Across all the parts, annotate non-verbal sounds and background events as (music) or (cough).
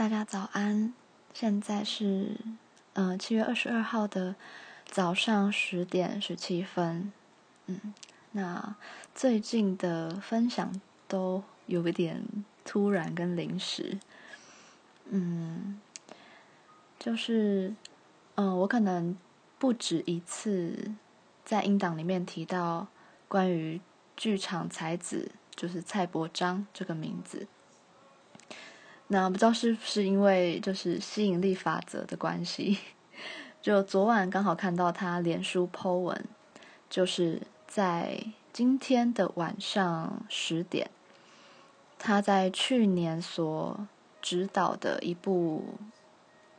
大家早安，現在是嗯、呃、七月二十二號的早上十點十七分，嗯，那最近的分享都有一點突然，跟臨時，嗯，就是嗯、呃、我可能不止一次在音檔裡面提到關於劇場才子就是蔡伯章這個名字。那不知道是不是因為就是吸引力法則的關係，就昨晚剛好看到他臉書 PO 文，就是在今天的晚上十點，他在去年所指導的一部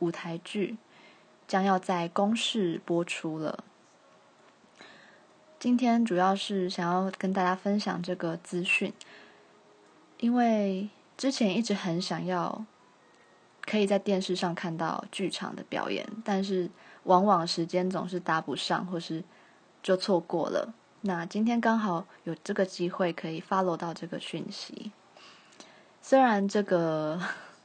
舞台劇將要在公視播出了。今天主要是想要跟大家分享這個資訊，因為。之前一直很想要可以在電視上看到劇場的表演，但是往往時間總是搭不上，或是就錯過了。那今天剛好有這個機會可以 follow 到這個訊息，雖然這個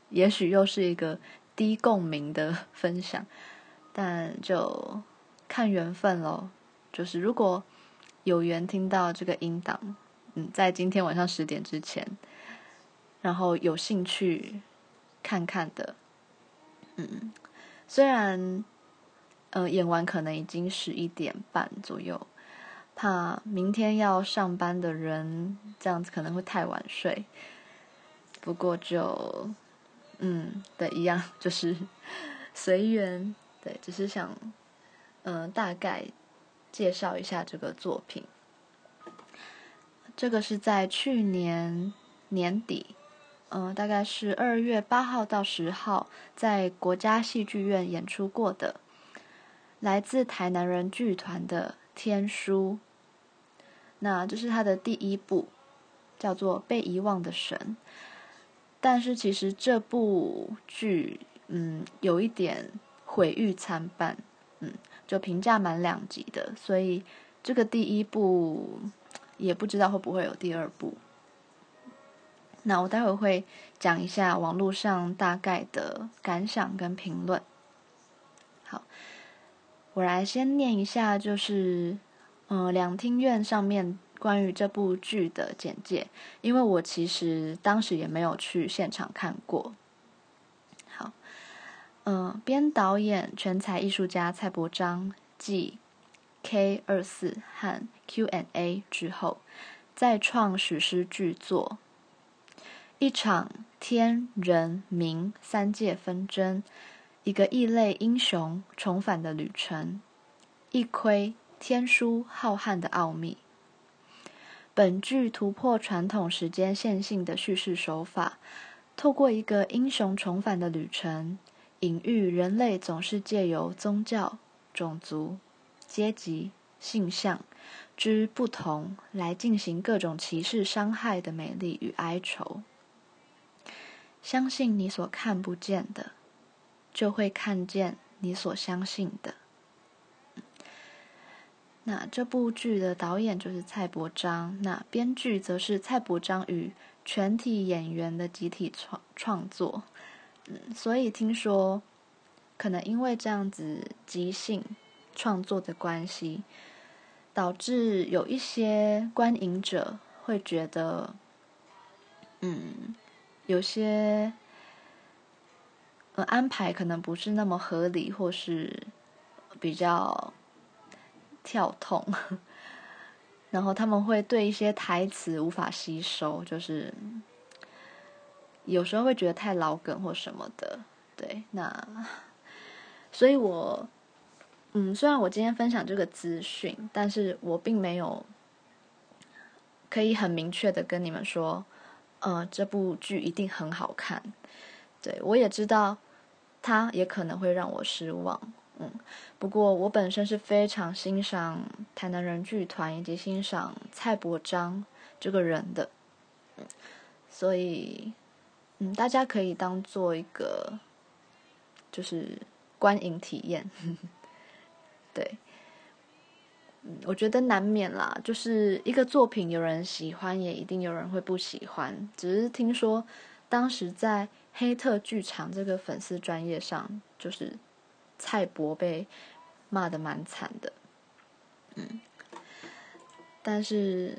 也許又是一個低共鳴的分享，但就看緣分嘍。就是如果有緣聽到這個音檔，嗯，在今天晚上十點之前。然後有興趣看看的，嗯，雖然，呃，演完可能已經十一點半左右，怕明天要上班的人這樣子可能會太晚睡，不過就，嗯，對，一樣就是隨緣，對，只是想，嗯、呃，大概介紹一下這個作品，這個是在去年年底。嗯，大概是二月八號到十號在國家戲劇院演出過的，來自台南人劇團的《天書》那，那就是他的第一部，叫做《被遺忘的神》。但是其實這部劇，嗯，有一點毀譽參半，嗯，就評價滿兩極的。所以這個第一部也不知道會不會有第二部。那我待會會講一下網絡上大概的感想跟評論。好，我來先念一下，就是，呃，兩廳院上面關於這部劇的簡介，因為我其實當時也沒有去現場看過。好，嗯、呃，編導演全才藝術家蔡柏璋繼 K 二四和 Q&A 之後再創史詩巨作。一場天人冥三界紛爭，一個異類英雄重返的旅程，一窺天書浩瀚的奧秘。本劇突破傳統時間線性的敘事手法，透過一個英雄重返的旅程，隱喻人類總是借由宗教、種族、階級、性向之不同來進行各種歧視傷害的美麗與哀愁。相信你所看不見的，就會看見你所相信的。那這部劇的導演就是蔡伯章，那編劇則是蔡伯章與全體演員的集體創創作。嗯，所以聽說，可能因為這樣子即興創作的關係，導致有一些觀影者會覺得，嗯。有些呃、嗯、安排可能不是那麼合理，或是比較跳痛，然後他們會對一些台詞無法吸收，就是有時候會覺得太老梗或什麼的，對，那所以我嗯，雖然我今天分享這個資訊，但是我並沒有可以很明確的跟你們說。呃，這部劇一定很好看，對，我也知道，它也可能會讓我失望，嗯，不過我本身是非常欣賞台南人劇團以及欣賞蔡柏璋這個人的，所以，嗯，大家可以當做一個，就是觀影體驗，呵呵，對。我覺得難免啦，就是一個作品有人喜歡，也一定有人會不喜歡。只是聽說，當時在黑特劇場這個粉絲專頁上，就是蔡柏被罵得蠻慘的。嗯，但是，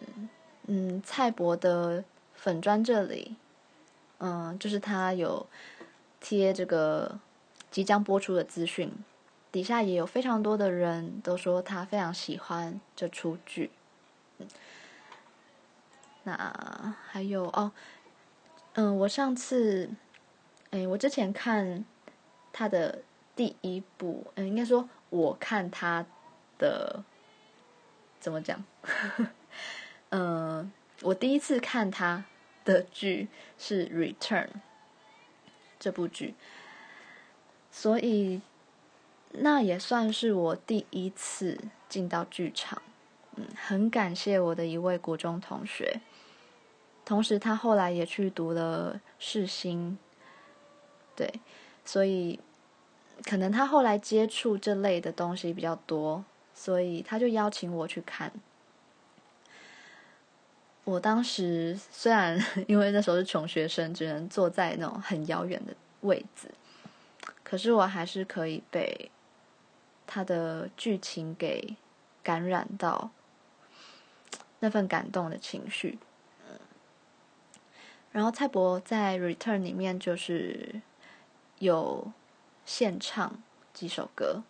嗯，蔡柏的粉專這裡，嗯，就是他有貼這個即將播出的資訊。底下也有非常多的人都說他非常喜歡這出劇，那還有哦，嗯，我上次，哎，我之前看他的第一部，嗯，應該說我看他的，怎麼講？ (laughs) 嗯，我第一次看他的劇是《Return》這部劇，所以。那也算是我第一次進到劇場，嗯，很感謝我的一位國中同學，同時他後來也去讀了世新，對，所以可能他後來接觸這類的東西比較多，所以他就邀請我去看。我當時雖然因為那時候是窮學生，只能坐在那種很遙遠的位置，可是我還是可以被。他的劇情給感染到那份感動的情緒，然後蔡伯在《Return》裡面就是有獻唱幾首歌，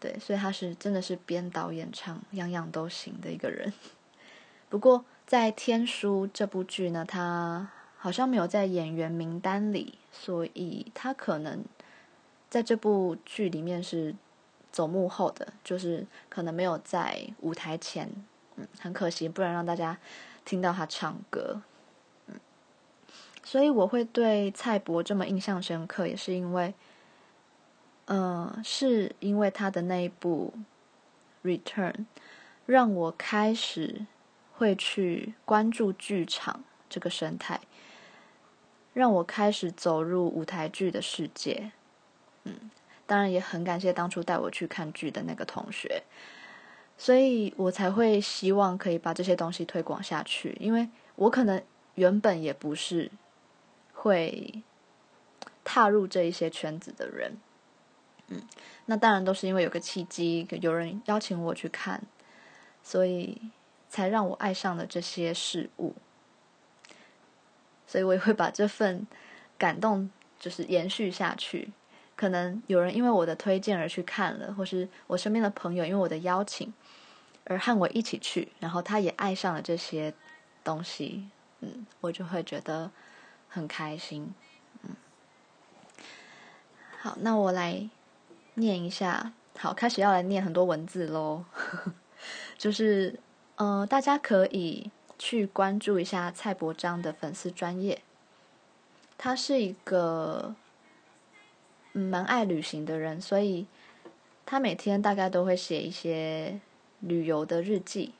對，所以他是真的是編導演唱，樣樣都行的一個人。不過在《天書》這部劇呢，他好像沒有在演員名單裡，所以他可能在這部劇裡面是。走幕後的，就是可能沒有在舞台前，嗯，很可惜，不然讓大家聽到他唱歌，嗯。所以我會對蔡博這麼印象深刻，也是因為，嗯、呃，是因為他的那一部《Return》，讓我開始會去關注劇場這個生態，讓我開始走入舞台劇的世界，嗯。當然也很感謝當初帶我去看劇的那個同學，所以我才會希望可以把這些東西推廣下去。因為我可能原本也不是會踏入這一些圈子的人，嗯，那當然都是因為有個契機，有人邀請我去看，所以才讓我愛上了這些事物。所以我也會把這份感動就是延續下去。可能有人因為我的推薦而去看了，或是我身邊的朋友因為我的邀請而和我一起去，然後他也愛上了這些東西，嗯，我就會覺得很開心，嗯。好，那我來念一下，好，開始要來念很多文字嘍， (laughs) 就是，嗯、呃，大家可以去關注一下蔡伯章的粉絲專頁，他是一個。嗯，蠻愛旅行的人，所以他每天大概都會寫一些旅遊的日記。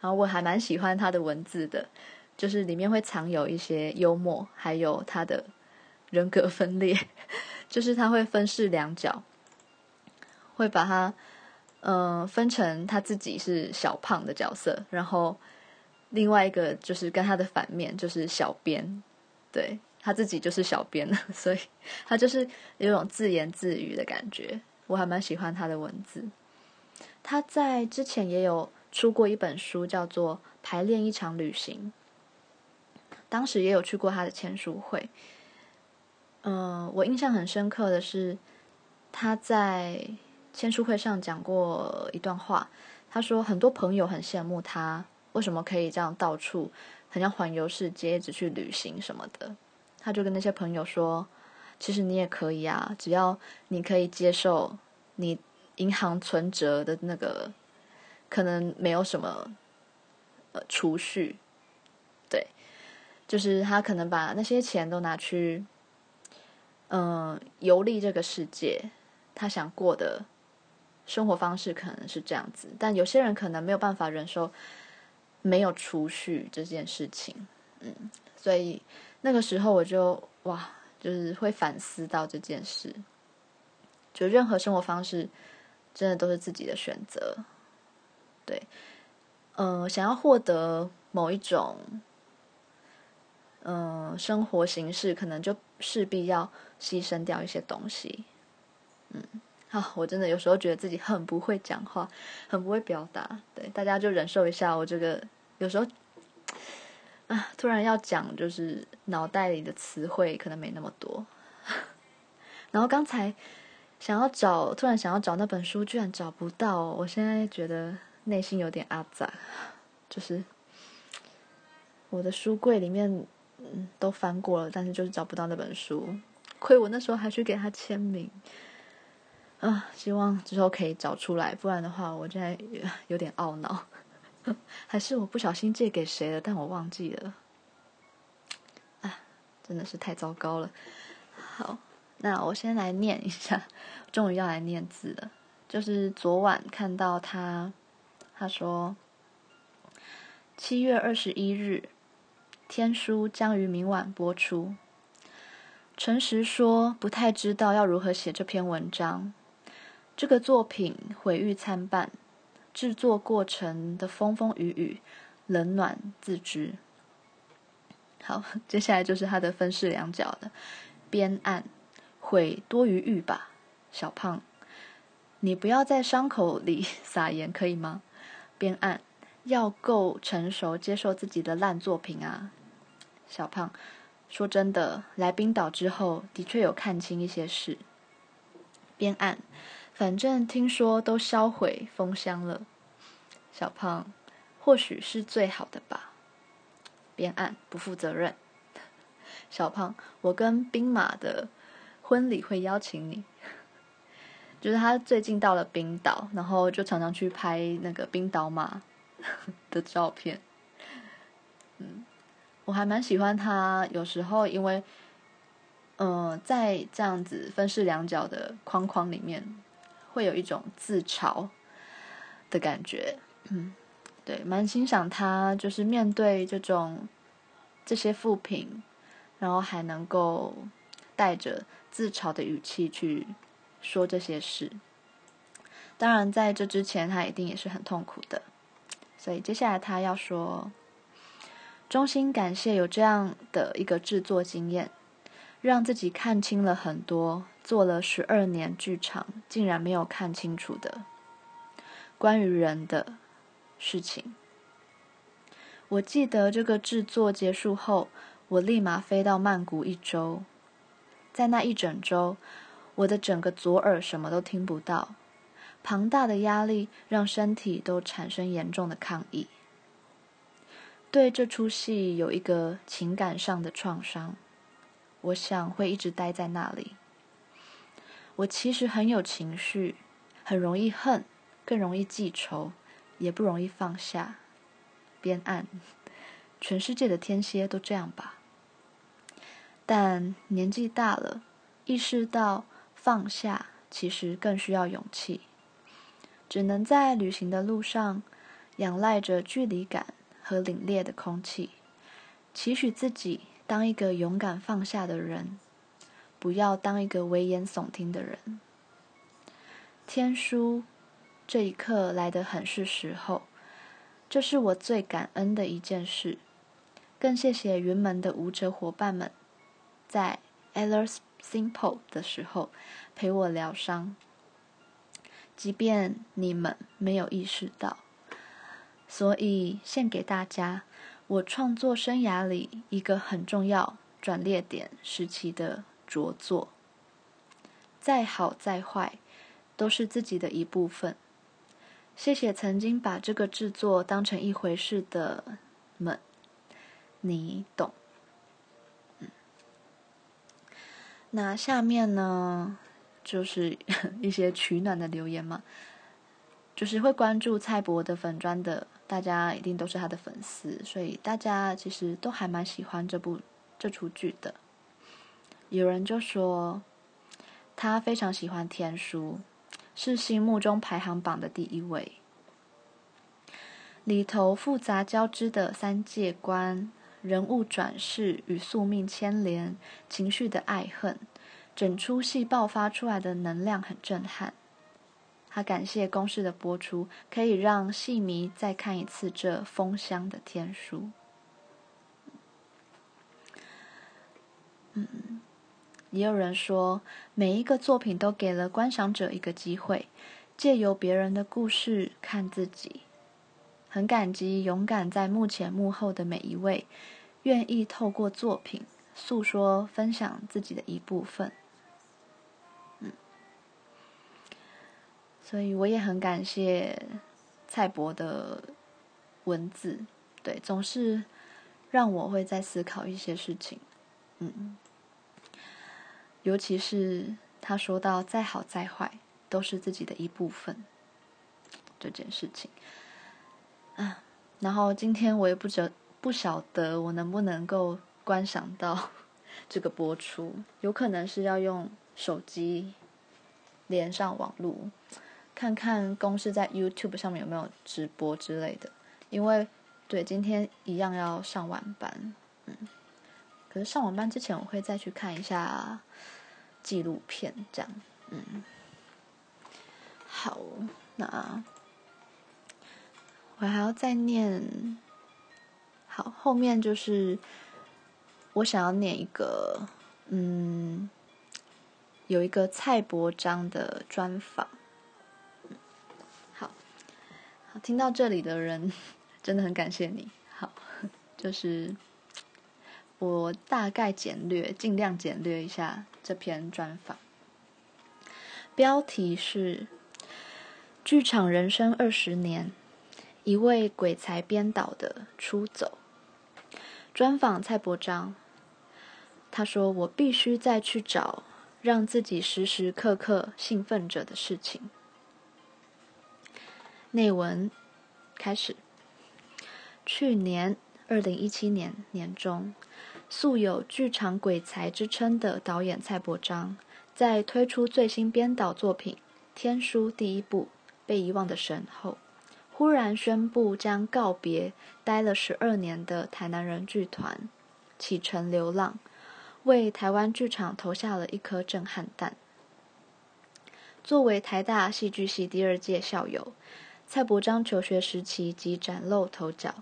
然後我還蠻喜歡他的文字的，就是裡面會藏有一些幽默，還有他的人格分裂，就是他會分飾兩角，會把他嗯、呃，分成他自己是小胖的角色，然後另外一個就是跟他的反面就是小編，對。他自己就是小編呢，所以他就是有一種自言自語的感覺。我還蠻喜歡他的文字。他在之前也有出過一本書，叫做《排練一場旅行》。當時也有去過他的簽書會。嗯，我印象很深刻的是他在簽書會上講過一段話。他說，很多朋友很羨慕他，為什麼可以這樣到處，很像環遊世界，一直去旅行什麼的。他就跟那些朋友說：“其實你也可以啊，只要你可以接受你銀行存折的那個可能沒有什麼呃儲蓄，對，就是他可能把那些錢都拿去嗯、呃、遊歷這個世界，他想過的生活方式可能是這樣子。但有些人可能沒有辦法忍受沒有儲蓄這件事情，嗯，所以。”那個時候我就哇，就是會反思到這件事，就任何生活方式真的都是自己的選擇，對，嗯、呃，想要獲得某一種，嗯、呃，生活形式，可能就勢必要犧牲掉一些東西，嗯，好，我真的有時候覺得自己很不會講話，很不會表達，對，大家就忍受一下我這個有時候。啊！突然要講，就是腦袋裡的詞彙可能沒那麼多。 (laughs) 然後剛才想要找，突然想要找那本書，居然找不到哦。我現在覺得內心有點阿雜，就是我的書櫃裡面嗯都翻過了，但是就是找不到那本書。虧我那時候還去給他簽名啊！希望之後可以找出來，不然的話，我現在有點懊惱。還是我不小心借給誰了，但我忘記了。啊，真的是太糟糕了。好，那我先來念一下，終於要來念字了。就是昨晚看到他，他說七月二十一日，《天書》將於明晚播出。誠實說，不太知道要如何寫這篇文章。這個作品毀譽參半。製作過程的風風雨雨，冷暖自知。好，接下來就是他的分飾兩角了。邊岸，悔多餘欲吧，小胖，你不要在傷口裡撒鹽，可以嗎？邊岸，要夠成熟，接受自己的爛作品啊。小胖，說真的，來冰島之後，的確有看清一些事。邊岸反正聽說都銷毀封箱了。小胖，或許是最好的吧。別暗，不負責任。小胖，我跟兵馬的婚禮會邀請你。就是他最近到了冰島，然後就常常去拍那個冰島馬的照片。嗯，我還蠻喜歡他，有時候因為，嗯、呃，在這樣子分飾兩角的框框裡面。會有一種自嘲的感覺，嗯，對，蠻欣賞他，就是面對這種這些負評，然後還能夠帶着自嘲的語氣去說這些事。當然，在這之前，他一定也是很痛苦的，所以接下來他要說，衷心感謝有這樣的一個製作經驗。讓自己看清了很多，做了十二年劇場，竟然沒有看清楚的關於人的事情。我記得這個制作結束後，我立馬飛到曼谷一周，在那一整周，我的整個左耳什麼都聽不到，龐大的壓力讓身體都產生嚴重的抗議，對這出戲有一個情感上的創傷。我想會一直待在那裡。我其實很有情緒，很容易恨，更容易記仇，也不容易放下。邊岸，全世界的天蠍都這樣吧。但年紀大了，意識到放下其實更需要勇氣，只能在旅行的路上仰賴着距離感和凛冽的空氣，期許自己。當一個勇敢放下的人，不要當一個危言聳聽的人。天書這一刻來得很是時候，這是我最感恩的一件事，更謝謝雲門的舞者夥伴們，在《Ellers Simple》的時候陪我療傷，即便你們沒有意識到，所以獻給大家。我創作生涯裡一個很重要轉捩點時期的着作，再好再壞，都是自己的一部分。謝謝曾經把這個製作當成一回事的們，你懂。嗯，那下面呢，就是一些取暖的留言嘛，就是會關注蔡博的粉磚的。大家一定都是他的粉絲，所以大家其實都還蠻喜歡這部這齣劇的。有人就說，他非常喜歡《天書》，是心目中排行榜的第一位。裡頭複雜交織的三界觀、人物轉世與宿命牽連、情緒的愛恨，整出戲爆發出來的能量很震撼。他感謝公視的播出，可以讓戲迷再看一次這封箱的天書。嗯，也有人說，每一個作品都給了觀賞者一個機會，借由別人的故事看自己。很感激勇敢在幕前幕後的每一位，願意透過作品訴說、分享自己的一部分。所以我也很感謝蔡博的文字，對，總是讓我會再思考一些事情，嗯，尤其是他說到再好再壞都是自己的一部分這件事情，啊，然後今天我也不知不曉得我能不能夠觀賞到這個播出，有可能是要用手機連上網路。看看公司在 YouTube 上面有沒有直播之類的，因為，對，今天一樣要上晚班，嗯，可是上晚班之前我會再去看一下紀錄片，這樣，嗯，好，那我還要再念，好，後面就是我想要念一個，嗯，有一個蔡柏璋的專訪。聽到這裡的人，真的很感謝你。好，就是我大概簡略，盡量簡略一下這篇專訪。標題是《劇場人生二十年：一位鬼才編導的出走》。專訪蔡伯章，他說：“我必須再去找讓自己時時刻刻興奮着的事情。”內文開始。去年二零一七年年中，素有劇場鬼才之稱的導演蔡柏璋，在推出最新編導作品《天書第一部：被遺忘的神》後，忽然宣布將告別待了十二年的台南人劇團，啟程流浪，為台灣劇場投下了一顆震撼彈。作為台大戲劇系第二屆校友。蔡伯章求學時期即嶄露頭角，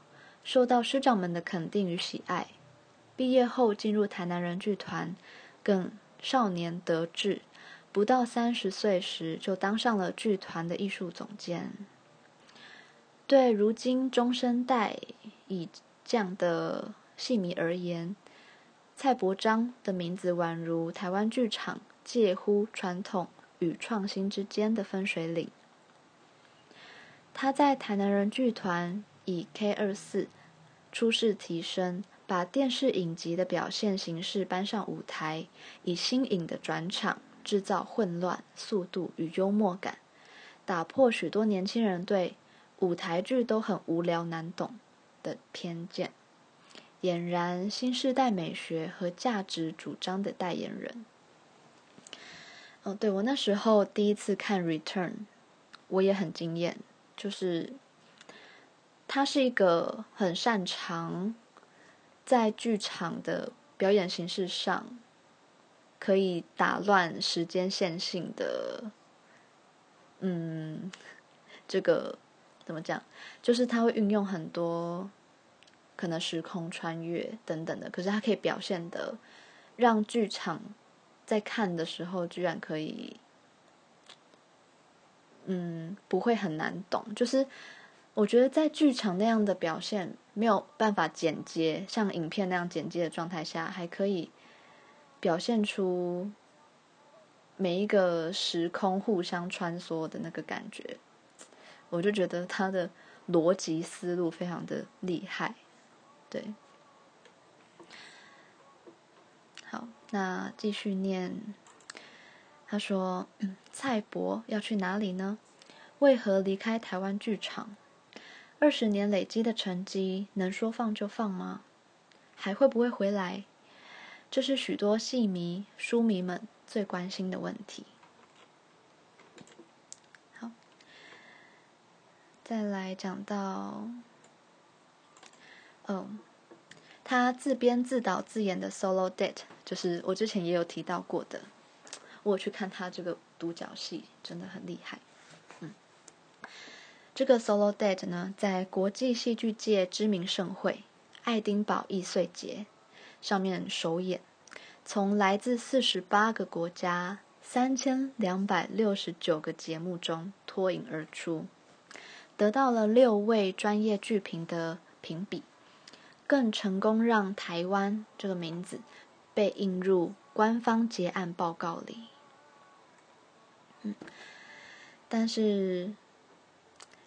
受到師長們的肯定與喜愛。畢業後進入台南人劇團，更少年得志，不到三十歲時就當上了劇團的藝術總監。對如今中生代以降的戲迷而言，蔡伯章的名字宛如台灣劇場介乎傳統與創新之間的分水嶺。他在台南人劇團以 K24 初試啼聲，把電視影集的表現形式搬上舞台，以新穎的轉場製造混亂、速度與幽默感，打破許多年輕人對舞台劇都很無聊難懂的偏見，儼然新世代美學和價值主張的代言人。哦，對，我那時候第一次看《Return》，我也很驚艷。就是，他是一個很擅長在劇場的表演形式上可以打亂時間線性的，嗯，這個怎麼講？就是他會運用很多可能時空穿越等等的，可是他可以表現得讓劇場在看的時候居然可以。嗯，不會很難懂。就是我覺得在劇場那樣的表現沒有辦法剪接，像影片那樣剪接的狀態下，還可以表現出每一個時空互相穿梭的那個感覺。我就覺得他的邏輯思路非常的厲害，對。好，那繼續念。他說：“蔡伯要去哪裡呢？為何離開台灣劇場？二十年累積的成績能說放就放嗎？還會不會回來？這，就是許多戲迷、書迷們最關心的問題。”好，再來講到哦，他自編、自導、自演的《Solo Date》，就是我之前也有提到過的。我去看他這個獨角戲真的很厲害，嗯，這個 solo date 呢，在國際戲劇界知名盛會愛丁堡藝穗節上面首演，從來自四十八個國家三千兩百六十九個節目中脫穎而出，得到了六位專業劇評的評比，更成功讓台灣這個名字被印入官方結案報告裡。但是，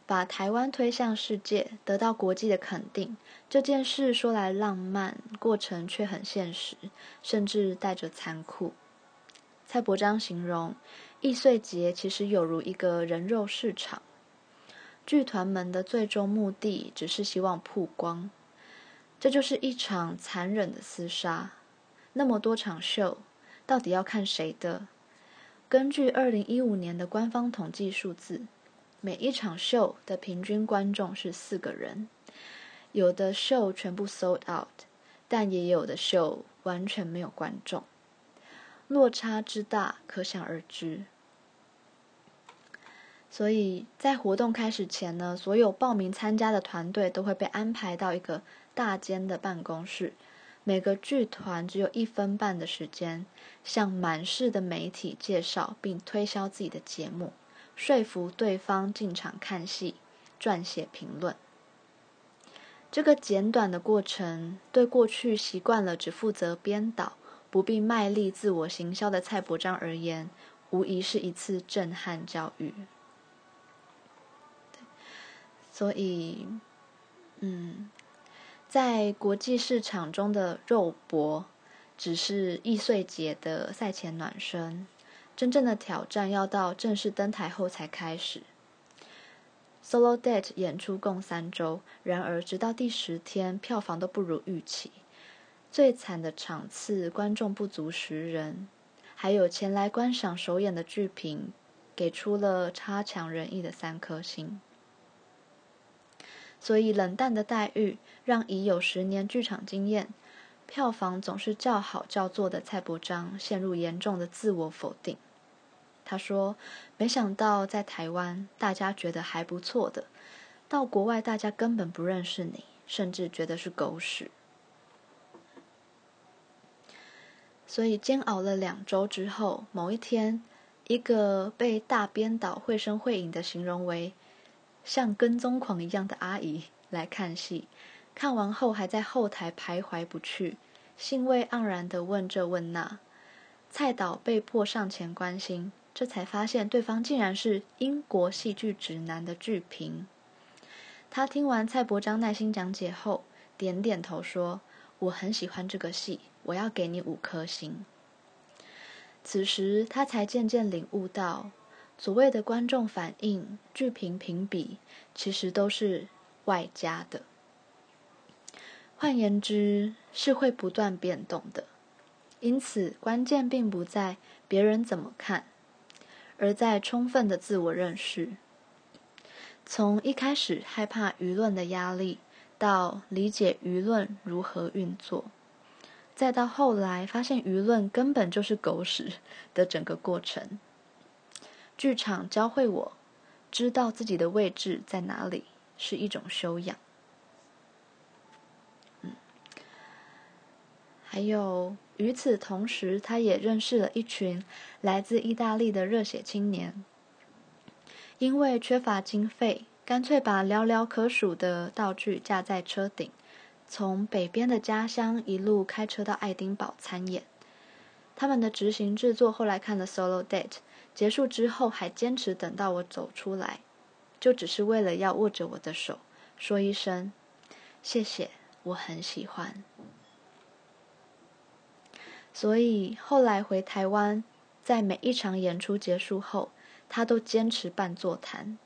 把台灣推向世界，得到國際的肯定，這件事說來浪漫，過程卻很現實，甚至帶着殘酷。蔡柏璋形容，藝穗節其實有如一個人肉市場，劇團們的最終目的只是希望曝光，這就是一場殘忍的廝殺。那麼多場秀，到底要看誰的？根據二零一五年的官方統計數字，每一場秀的平均觀眾是四個人。有的秀全部 sold out，但也有的秀完全沒有觀眾，落差之大可想而知。所以在活動開始前呢，所有報名參加的團隊都會被安排到一個大間的辦公室。每個劇團只有一分半的時間，向滿室的媒體介紹並推銷自己的節目，說服對方進場看戲、撰寫評論。這個簡短的過程，對過去習慣了只負責編導、不必賣力自我行銷的蔡伯章而言，無疑是一次震撼教育。所以，嗯。在國際市場中的肉搏，只是藝穗節的賽前暖身。真正的挑戰要到正式登台後才開始。Solo Date 演出共三周，然而直到第十天，票房都不如預期。最慘的場次，觀眾不足十人。還有前來觀賞首演的劇評，給出了差強人意的三顆星。所以冷淡的待遇讓已有十年劇場經驗、票房總是叫好叫座的蔡柏璋陷入嚴重的自我否定。他說：“沒想到在台灣大家覺得還不錯的，到國外大家根本不認識你，甚至覺得是狗屎。”所以煎熬了兩周之後，某一天，一個被大編導繪聲繪影的形容為。像跟蹤狂一樣的阿姨來看戲，看完後還在後台徘徊不去，興味盎然的問這問那。蔡導被迫上前關心，這才發現對方竟然是《英國戲劇指南》的劇評。他聽完蔡伯章耐心講解後，點點頭說：“我很喜歡這個戲，我要給你五顆星。”此時他才漸漸領悟到。所謂的觀眾反應、劇評評比，其實都是外加的。換言之，是會不斷變動的。因此，關鍵並不在別人怎麼看，而在充分的自我認識。從一開始害怕輿論的壓力，到理解輿論如何運作，再到後來發現輿論根本就是狗屎的整個過程。劇場教會我，知道自己的位置在哪裡，是一種修養。嗯，還有與此同時，他也認識了一群來自意大利的熱血青年。因為缺乏經費，乾脆把寥寥可數的道具架在車頂，從北邊的家鄉一路開車到愛丁堡參演。他們的執行製作後來看了《Solo Date》。結束之後，還堅持等到我走出來，就只是為了要握着我的手，說一聲謝謝。我很喜歡。所以後來回台灣，在每一場演出結束後，他都堅持辦座談，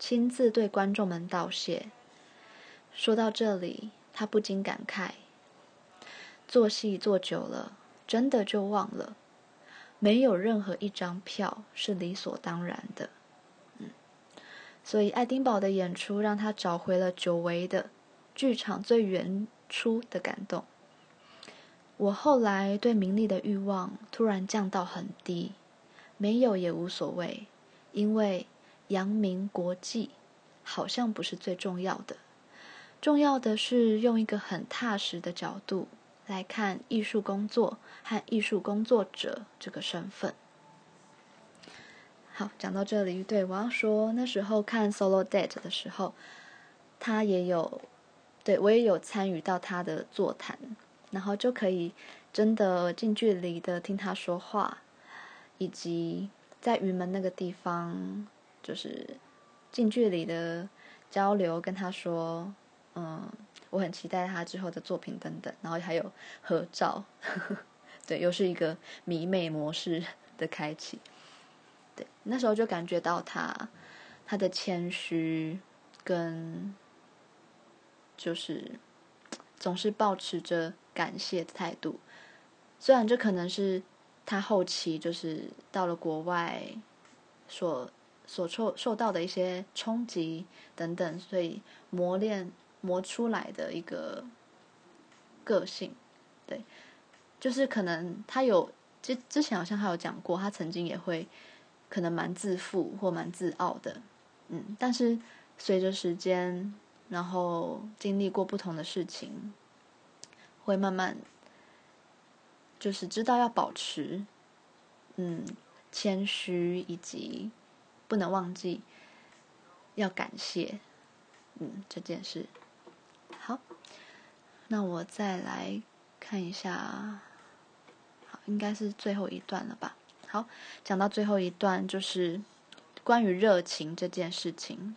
親自對觀眾們道謝。說到這裡，他不禁感慨：做戲做久了，真的就忘了。沒有任何一張票是理所當然的，嗯，所以愛丁堡的演出讓他找回了久違的劇場最原初的感動。我後來對名利的欲望突然降到很低，沒有也無所謂，因為揚名國際好像不是最重要的，重要的是用一個很踏實的角度。來看藝術工作和藝術工作者這個身份。好，講到這裡，對，我要說，那時候看《Solo Date》的時候，他也有，對，我也有參與到他的座談，然後就可以真的近距離的聽他說話，以及在雲門那個地方，就是近距離的交流，跟他說，嗯。我很期待他之後的作品等等，然後還有合照呵呵，對，又是一個迷妹模式的開啟。對，那時候就感覺到他他的謙虛，跟就是總是抱持著感謝的態度。雖然這可能是他後期就是到了國外所所受受到的一些衝擊等等，所以磨練。磨出來的一個個性，對，就是可能他有之之前好像還有講過，他曾經也會可能蠻自負或蠻自傲的，嗯，但是隨着時間，然後經歷過不同的事情，會慢慢就是知道要保持，嗯，謙虛，以及不能忘記要感謝，嗯，這件事。好，那我再來看一下，好，應該是最後一段了吧。好，講到最後一段，就是關於熱情這件事情，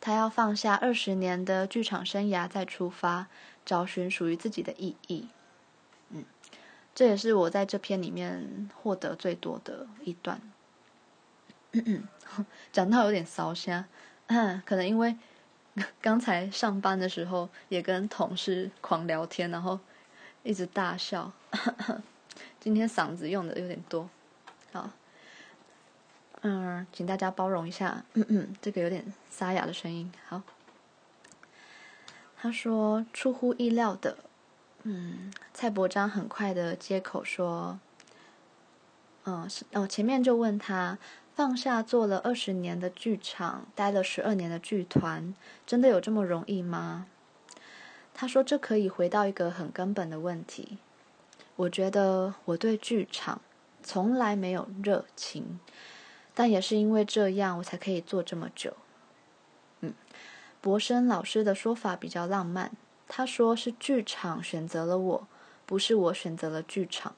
他要放下二十年的劇場生涯，再出發，找尋屬於自己的意義。嗯，這也是我在這篇裡面獲得最多的一段。嗯嗯，講到有點騷香，可能因為。剛才上班的時候也跟同事狂聊天，然後一直大笑， (coughs) 今天嗓子用的有點多，好，嗯，請大家包容一下，嗯嗯咳咳，這個有點沙啞的聲音。好，他說出乎意料的，嗯，蔡伯章很快的接口說，嗯是哦，前面就問他。放下做了二十年的劇場，待了十二年的劇團，真的有這麼容易嗎？他說：“這可以回到一個很根本的問題。我覺得我對劇場從來沒有熱情，但也是因為這樣，我才可以做這麼久。”嗯，博生老師的說法比較浪漫，他說是劇場選擇了我，不是我選擇了劇場。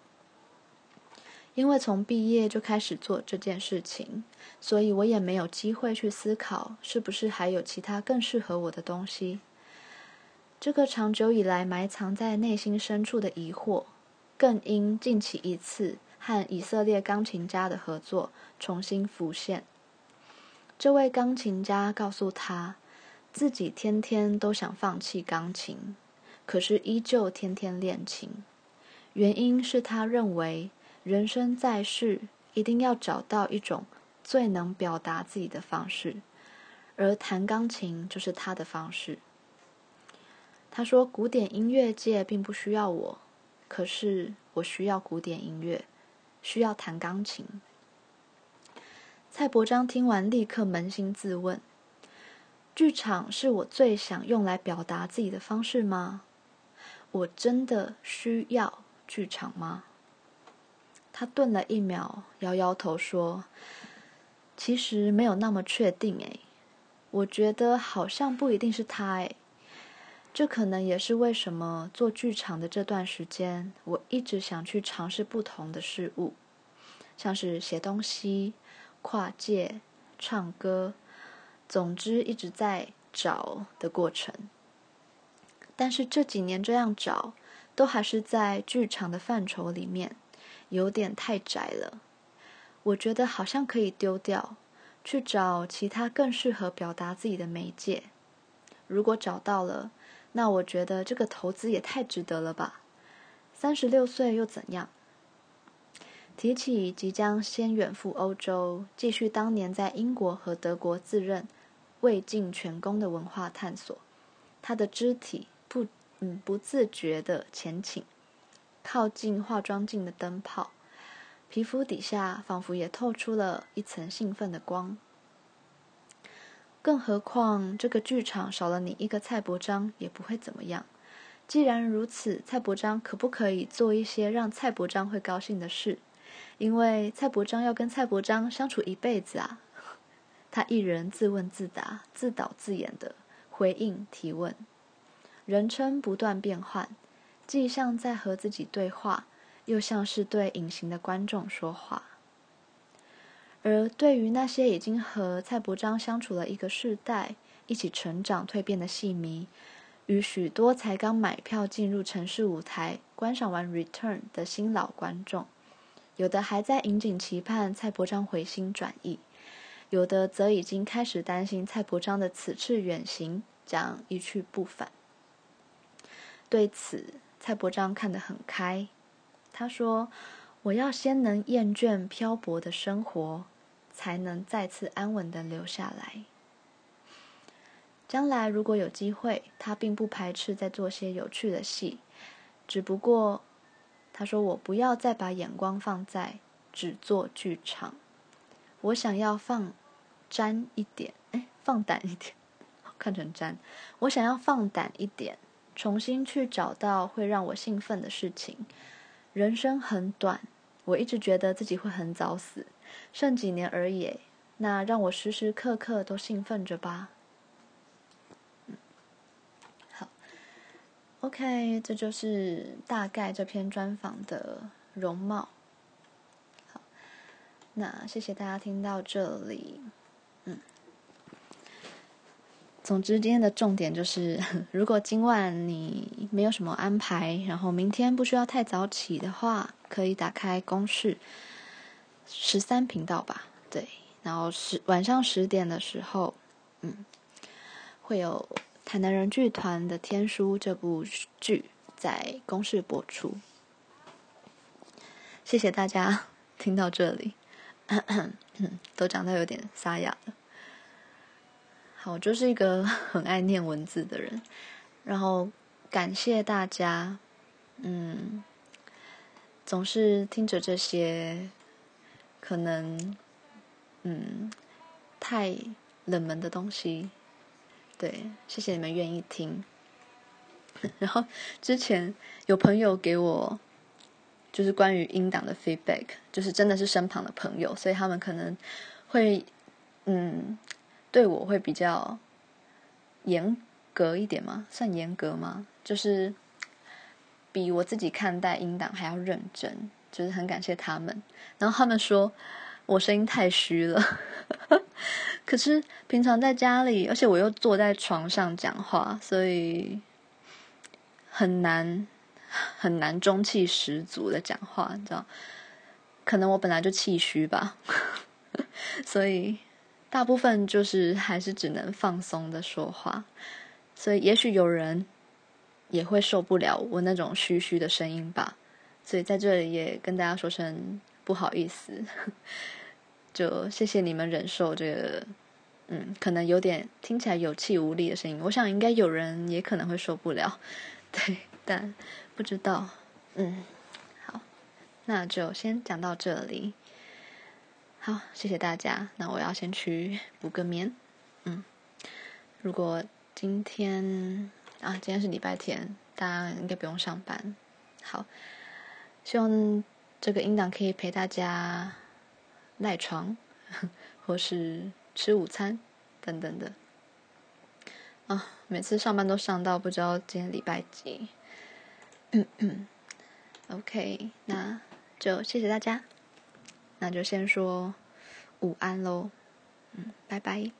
因為從畢業就開始做這件事情，所以我也沒有機會去思考是不是還有其他更適合我的東西。這個長久以來埋藏在內心深處的疑惑，更因近期一次和以色列鋼琴家的合作重新浮現。這位鋼琴家告訴他，自己天天都想放棄鋼琴，可是依舊天天練琴，原因是他認為，人生在世，一定要找到一種最能表達自己的方式，而彈鋼琴就是他的方式。他說：“古典音樂界並不需要我，可是我需要古典音樂，需要彈鋼琴。”蔡伯章聽完，立刻捫心自問：“劇場是我最想用來表達自己的方式嗎？我真的需要劇場嗎？”他頓了一秒，搖搖頭說：“其實沒有那麼確定誒，我覺得好像不一定是他誒。這可能也是為什麼做劇場的這段時間，我一直想去嘗試不同的事物，像是寫東西、跨界、唱歌，總之一直在找的過程。但是這幾年這樣找，都還是在劇場的範疇裡面。”有點太窄了，我覺得好像可以丟掉，去找其他更適合表達自己的媒介。如果找到了，那我覺得這個投資也太值得了吧。三十六歲又怎樣？提起即將先遠赴歐洲，繼續當年在英國和德國自認未盡全功的文化探索，他的肢體不，嗯，不自覺地前傾。靠近化妝鏡的燈泡，皮膚底下仿佛也透出了一層興奮的光。更何況這個劇場少了你一個蔡伯章，也不會怎麼樣。既然如此，蔡伯章可不可以做一些讓蔡伯章會高興的事？因為蔡伯章要跟蔡伯章相處一輩子啊。他一人自問自答、自導自演的回應提問，人稱不斷變換。既像在和自己對話，又像是對隱形的觀眾說話。而對於那些已經和蔡柏璋相處了一個世代、一起成長蛻變的戲迷，與許多才剛買票進入城市舞台觀賞完《Return》的新老觀眾，有的還在引頸期盼蔡柏璋回心轉意，有的則已經開始擔心蔡柏璋的此次遠行將一去不返。對此，蔡伯章看得很開，他說：“我要先能厭倦漂泊的生活，才能再次安穩的留下來。將來如果有機會，他並不排斥再做些有趣的戲，只不過他說：‘我不要再把眼光放在只做劇場，我想要放沾一點，哎，放膽一點，看成沾，我想要放膽一點。’”重新去找到會讓我興奮的事情。人生很短，我一直覺得自己會很早死，剩幾年而已。那讓我時時刻刻都興奮着吧。嗯，好，OK，這就是大概這篇專訪的容貌。好，那謝謝大家聽到這裡。總之，今天的重點就是，如果今晚你沒有什麼安排，然後明天不需要太早起的話，可以打開公視十三頻道吧。對，然後十晚上十點的時候，嗯，會有台南人劇團的《天書》這部劇在公視播出。謝謝大家聽到這裡，咳咳都講到有點沙啞了。好，我就是一個很愛念文字的人，然後感謝大家，嗯，總是聽着這些可能嗯太冷門的東西，對，謝謝你們願意聽。然後之前有朋友給我就是關於音檔的 feedback，就是真的是身旁的朋友，所以他們可能會嗯。對我會比較嚴格一點嗎？算嚴格嗎？就是比我自己看待音檔還要認真，就是很感謝他們。然後他們說我聲音太虛了， (laughs) 可是平常在家裡，而且我又坐在床上講話，所以很難很難中氣十足的講話。你知道？可能我本來就氣虛吧， (laughs) 所以。大部分就是還是只能放鬆的說話，所以也許有人也會受不了我那種噓噓的聲音吧。所以在這裡也跟大家說聲不好意思，就謝謝你們忍受這個，嗯，可能有點聽起來有氣無力的聲音。我想應該有人也可能會受不了，對，但不知道，嗯，好，那就先講到這裡。好，謝謝大家。那我要先去補個眠。嗯，如果今天啊，今天是禮拜天，大家應該不用上班。好，希望這個音檔可以陪大家賴床，或是吃午餐等等的。啊，每次上班都上到不知道今天禮拜幾。嗯嗯，OK，那就謝謝大家。那就先說午安嘍，嗯，拜拜。